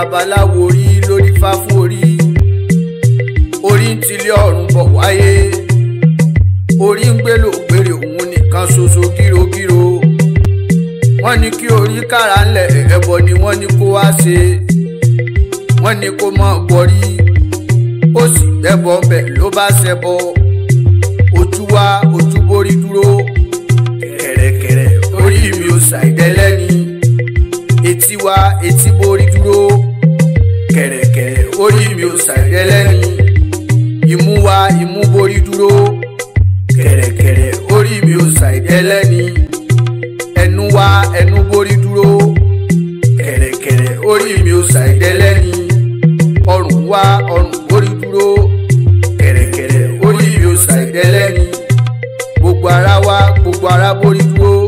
babaláwo rí lórí fáfún orí orí ń tilé ọ̀run bọ̀ wáyé orí ń gbé lògbèrè òun nìkan ṣoṣo gírogíro wọ́n ní kí orí kára ńlẹ̀ ẹbọ ni wọ́n ní kó wá ṣe wọ́n ní kó mọ̀ bọ́rí ó sì bẹ́bọ̀ bẹ̀ ló bá ṣẹbọ ojú wa ojú borí dúró kẹ̀rẹ̀kẹ̀rẹ̀ orí mi ò ṣàìdẹ́lẹ́ni etí wa etí borí dẹlẹ́ni imú wa imú borí dúró kẹ̀rẹ̀kẹ̀rẹ̀ orí mi ò ṣàìdẹ́lẹ́ni ẹnu wa ẹnu borí dúró kẹ̀rẹ̀kẹ̀rẹ̀ orí mi ò ṣàìdẹ́lẹ́ni ọrùn wa ọrùn borí dúró kẹ̀rẹ̀kẹ̀rẹ̀ orí mi ò ṣàìdẹ́lẹ́ni gbogbo ara wa gbogbo ara borí dúró.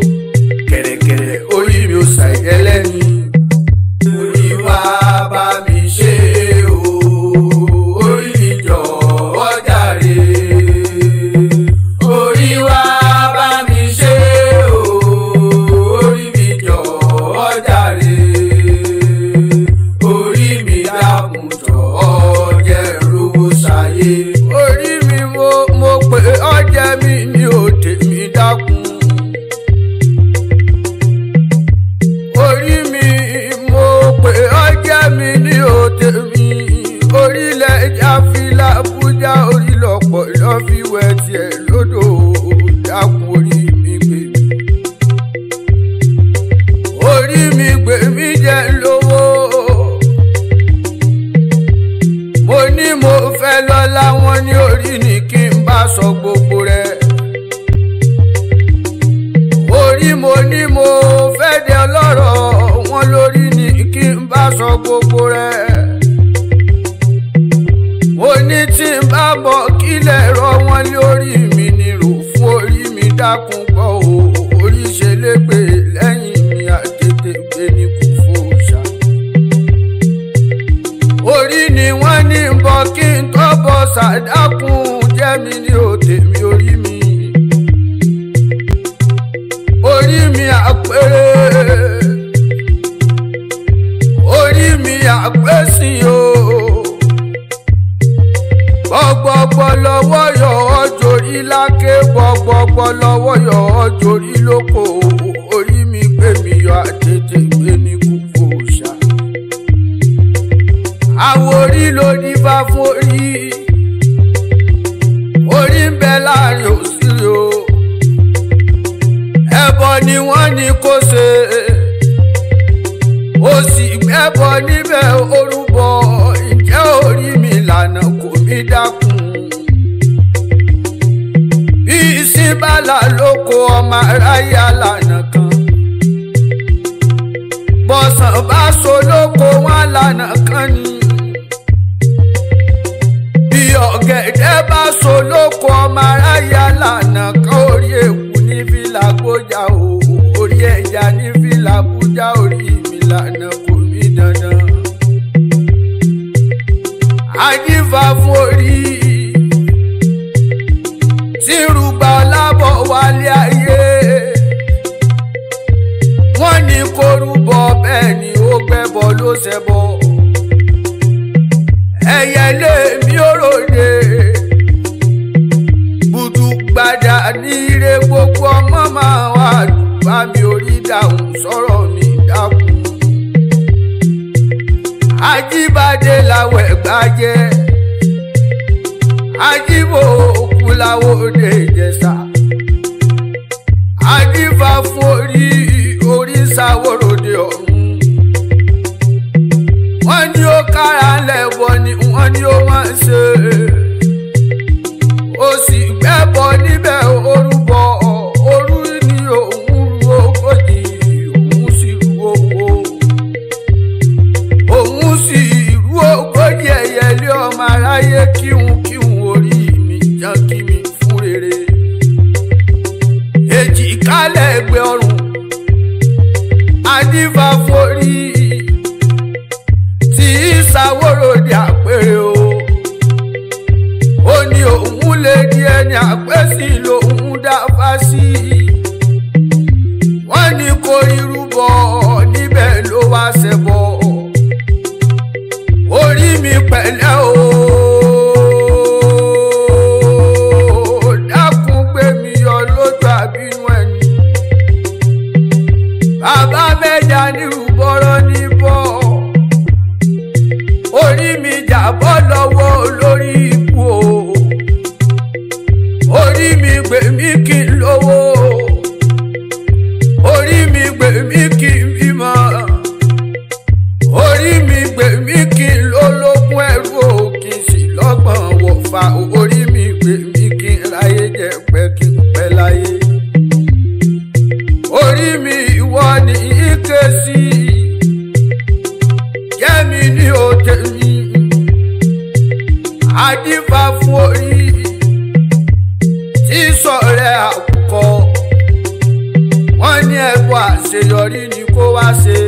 wá sọ gbogbo rẹ̀. orí mo ní mo fẹ́ dé ọlọ́rọ̀ wọn lórí ni kí n bá sọ gbogbo rẹ̀. mo ní tí n bá bọ̀ kílẹ̀ rọ wọn lórí mi ni rò fún orí mi dákun gbọ́ o orí ṣe lépe lẹ́yìn mi àtètè gbé ní kú fún òòṣà. orí ni wọ́n ní bọ́ kí n tó bọ́ sàdákùn mi ni ò tèmi orí mi orí mi àpérè orí mi àpésìn o gbọgbọgbọ lọ́wọ́ yọ ọ jorí lákè gbọgbọgbọ lọ́wọ́ yọ ọ jorí lóko orí mi gbé mi yọ àtètè gbé ní kúkú òòṣà àwòrí lórí bá forí ti ń bẹ láàrin òsì o ẹbọ ni wọ́n ní kó ṣe ó sì gbẹ́bọ níbẹ̀ orúbọ ìjẹ́ orí mi lànà kò mí dákun bí ìsínbàlà ló kó ọmọ aráyé àlànà kan bọ̀sán bá so lóko wọn lànà kan ni. tolóko ọmọ aráyà lànà ká orí èkú ní fìlà gbójà o orí ẹ̀yà ní fìlà. àjàjà ní ire gbogbo ọmọ máa wà bá mi orí dáhùn sọ̀rọ̀ mi dákun. Ajíbádé làwẹ̀ gbájẹ́ ajíbò òkú làwọ̀ òde ìjẹsà ajífa fún orí oríṣà wòròde ọ̀run wọ́n ní ó kára lẹ́bọ̀ ni wọ́n ní ó máa ń ṣe é. sáwóròdì àpérè o ó ní òun lè di ẹni àpèsè lòun dá fásì wọ́n ní kó irú bọ níbẹ̀ ló wá ṣẹbọ orí mi pẹ̀lẹ́ o. bàbá mẹ́jà nírú. bọ́ lọ́wọ́ olórí ikú o orí mi gbè mí kí n lówó orí mi gbè mí kí n bímọ orí mi gbè mí kí n lólógún ẹrú o kí n sì lọ́gbọ̀n wò fa orí mi gbè mí kí n láyé jẹ pẹ́ kí n pẹ́ láyé orí mi ìwọ ni ike sí jẹ́mi ní òjèjì adífá fún orí tí sọ̀rẹ́ àkùkọ wọ́n ní ẹbọ àṣeyọrí ni kó wá ṣe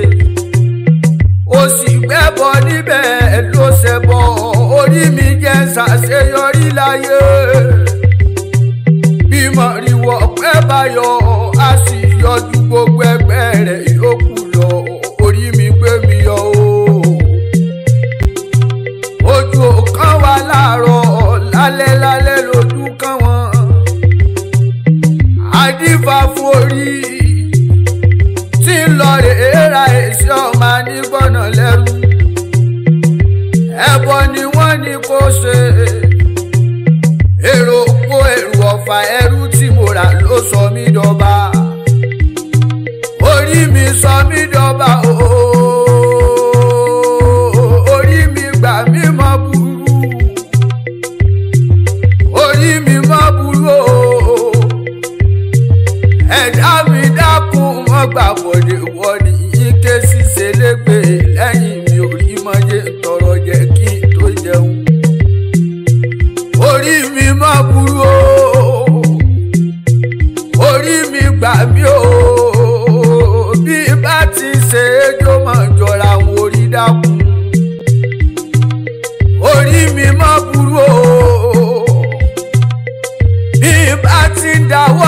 ó sì gbẹ́bọ níbẹ̀ ló ṣẹbọ orí mi jẹ́ ṣàṣeyọrí láyé bímọ ríwọ pẹ́ báyọ̀ a sì yọjú gbogbo ẹgbẹ́ rẹ̀. lálẹ́ lálẹ́ lòdù kàn wọ́n àdìfà forí tí ń lọ èèrà èsì ọmọ anígbọ̀nà lẹ́rú ẹbọ ni wọ́n ní kó ṣe èrò kó ẹrù ọ̀fà ẹrú tí mo rà ló sọ mí dọba orí mi sọ mí dọba ooo. wèrè wọ́ọ̀dì ike ṣiṣẹ́ lẹ́gbẹ̀ lẹ́yìn mi ò rí mọ́jẹ́ tọrọ jẹ́ kí n tó jẹun. orí mi má burú o orí mi gbà mí o bí bá ti ṣe é jó jọra àwọn orí dákun. orí mi má burú o bí bá ti dáwọ́.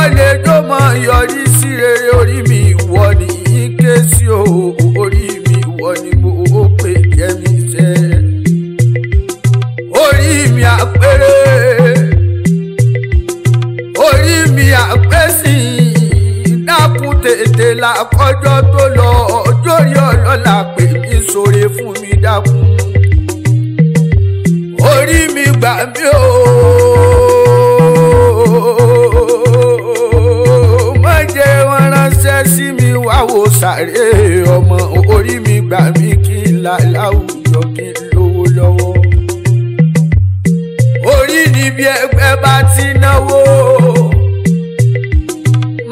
o má jẹ́ wọn ránṣẹ́ sí mi wá wo sàré ọmọ orí mi gbà mí kí n là láwùjọ kí n lówó lọ́wọ́ orí níbi ẹgbẹ́ bá ti náwó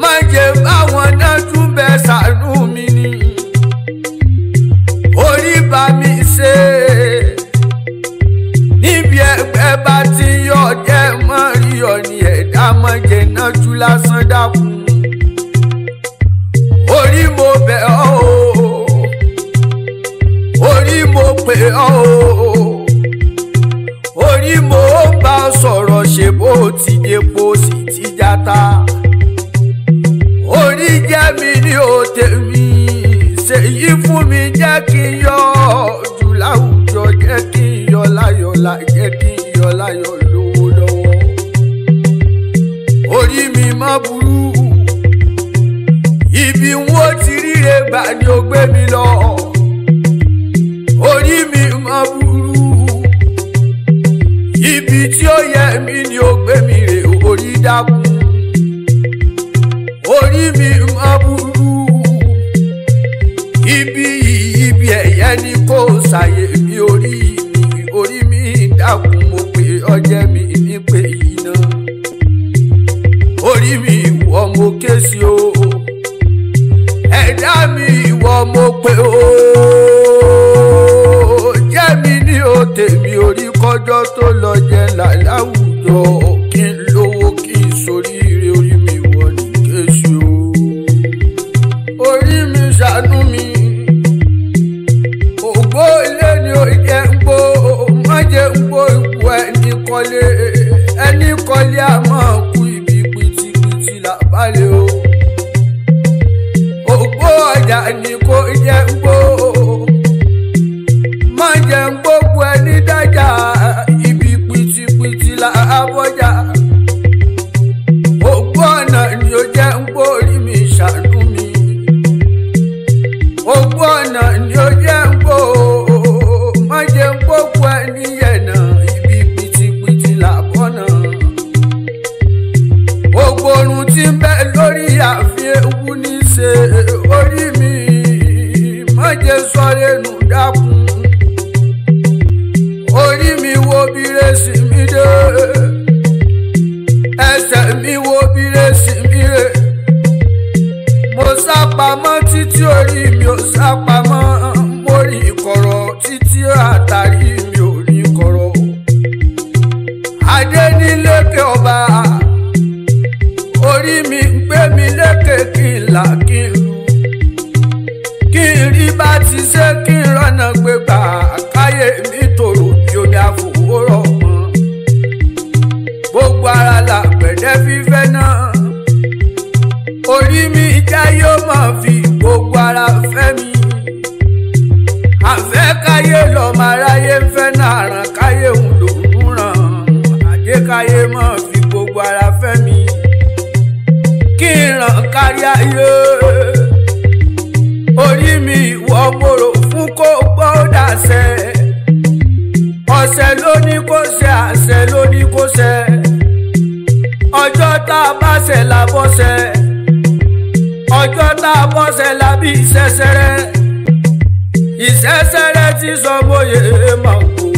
má jẹ́ báwọn náà tún bẹ sàánú. èyí fún mi jẹ́ kí n yọ ojú láwùjọ jẹ́ kí n yọ láyọ̀ jẹ́ kí n yọ láyọ̀ lówó lọ́wọ́ orí mi má burú ibi wo ti ríre gbà ni ó gbé mi lọ orí mi má burú ibi tí ó yẹ mí ni ó gbé mi rè orí dákun. gbógun ẹni dájà. gbé mi lékè kí n là kí n rú kí n rí bá ti ṣe kí n rọ́nà gbé gbà káyé mi tòrò bí omi àfòwúrọ̀ kan gbogbo ara là pẹ̀lẹ́ fífẹ́ náà orí mi já yóò máa fi gbogbo ara fẹ́ mi àfẹ́ káyé lọ́mọ aráyé fẹ́ náà ràn káyé ń lòún ràn àjẹkáyé máa fi gbogbo ara fẹ́ mi kí kárí ayé orí mi ìwọ mòrò fún kó gbọ́ dàsẹ́ ọ̀sẹ̀ ló ní kó ṣe àṣẹ ló ní kó ṣe ọjọ́ tá a bá ṣe làbọ̀ṣẹ́ ọjọ́ tá a bọ́ṣẹ́ làbí ìṣẹ́ṣẹ́rẹ́ ìṣẹ́ṣẹ́rẹ́ ti sọ bóyá màgbó.